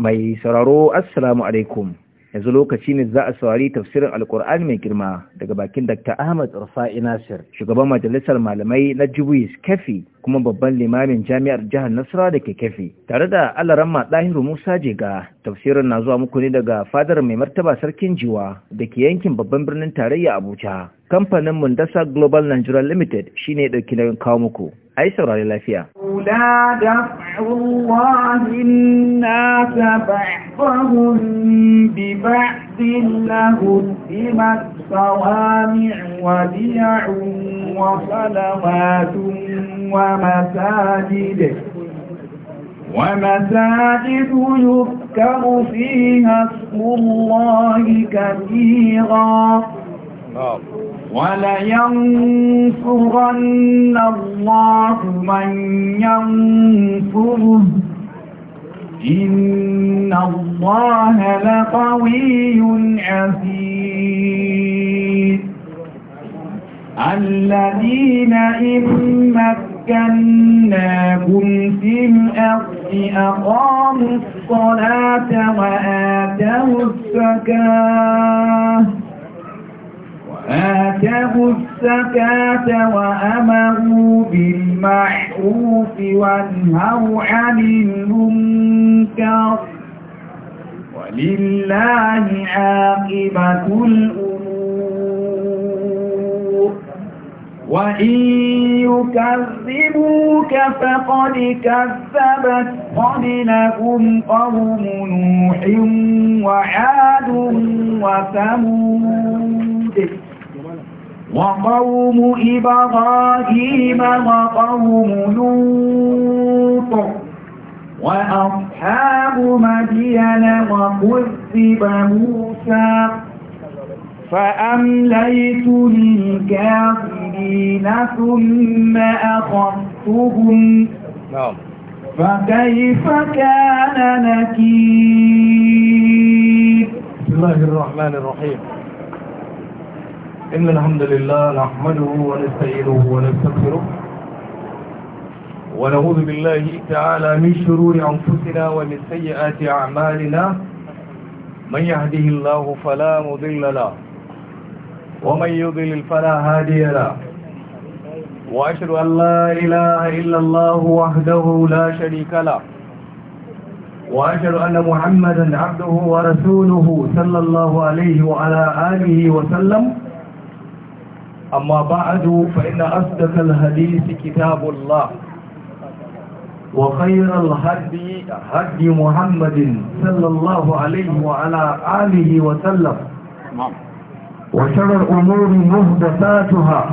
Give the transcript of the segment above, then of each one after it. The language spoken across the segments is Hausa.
mai sauraro assalamu alaikum yanzu lokaci ne za a saurari tafsirin alkur'ani mai girma daga bakin dr ahmad rufa'i nasir shugaban majalisar malamai na jubis kefi kuma babban limamin jami'ar jihar nasara da ke kefi tare da alaramma ɗahiru musa jega tafsirin na zuwa muku ne daga fadar mai martaba sarkin jiwa da ke yankin babban birnin tarayya abuja kamfanin mundasa global nigeria limited shine ɗauki nauyin kawo muku a yi saurari lafiya. بعضهم ببعض لهدمت صوامع وبيع وصلوات ومساجد ومساجد يذكر فيها اسم الله كثيرا ولينصرن الله من ينصره إن الله لقوي عزيز الذين إن مكناكم في الأرض أقاموا الصلاة وآتوا الزكاة آتوا الزكاة وأمروا بالمعروف وانهوا عن المنكر المنكر ولله عاقبة الأمور وإن يكذبوك فقد كذبت قبلهم قوم نوح وعاد وثمود وقوم إبراهيم وقوم لوط وأصحاب مدين وكذب موسى فأمليت للكافرين ثم أخذتهم نعم فكيف كان نكير بسم الله الرحمن الرحيم إن الحمد لله نحمده ونستعينه ونستغفره ونعوذ بالله تعالى من شرور أنفسنا ومن سيئات أعمالنا من يهده الله فلا مضل له ومن يضلل فلا هادي له وأشهد أن لا إله إلا الله وحده لا شريك له وأشهد أن محمدا عبده ورسوله صلى الله عليه وعلى آله وسلم أما بعد فإن أصدق الحديث كتاب الله وخير الهدي هدي محمد صلى الله عليه وعلى آله وسلم نعم. وشر الأمور مهدساتها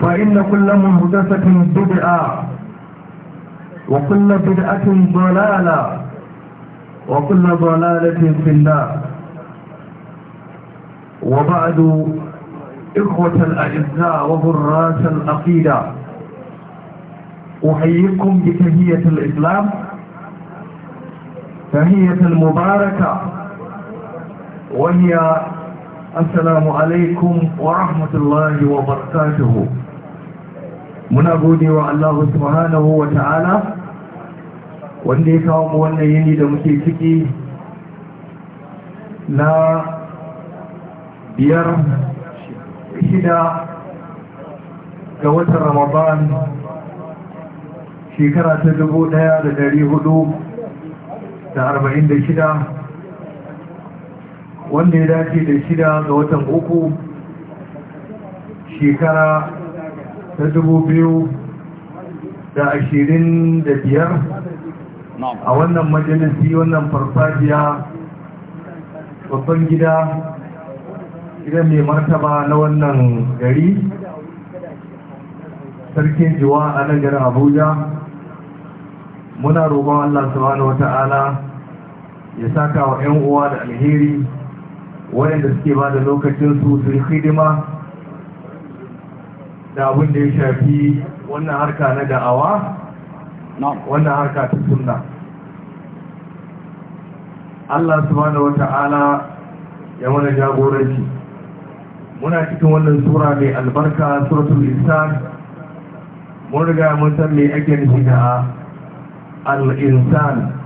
فإن كل مهدسة بدعة وكل بدعة ضلالة وكل ضلالة في النار وبعد إخوة الأعزاء وبراس الأقيدة أحييكم بتهية الإسلام تهية المباركة وهي السلام عليكم ورحمة الله وبركاته muna godewa Allah subhanahu wa ta'ala wanne ya kawo mu wannan yini da muke ciki na biyar shida ga wata Ramadan shekara ta dubu ɗaya da dari hudu da arba'in da shida wanda ya dace da shida ga watan uku shekara ta dubu biyu da ashirin da biyar a wannan majalisi wannan farfajiya babban gida gidan mai martaba na wannan gari sarkin jiwa a nan garin abuja muna roƙon Allah subhanahu wata'ala ya saka wa 'yan uwa da alheri waɗanda suke ba da lokacin su su hidima da abin da ya shafi wannan harka na da'awa wannan harka ta sunna Allah subhanahu wata'ala ya mana jagoranci muna cikin wannan sura mai albarka suratul insan mun riga mun san me ake nufi da الإنسان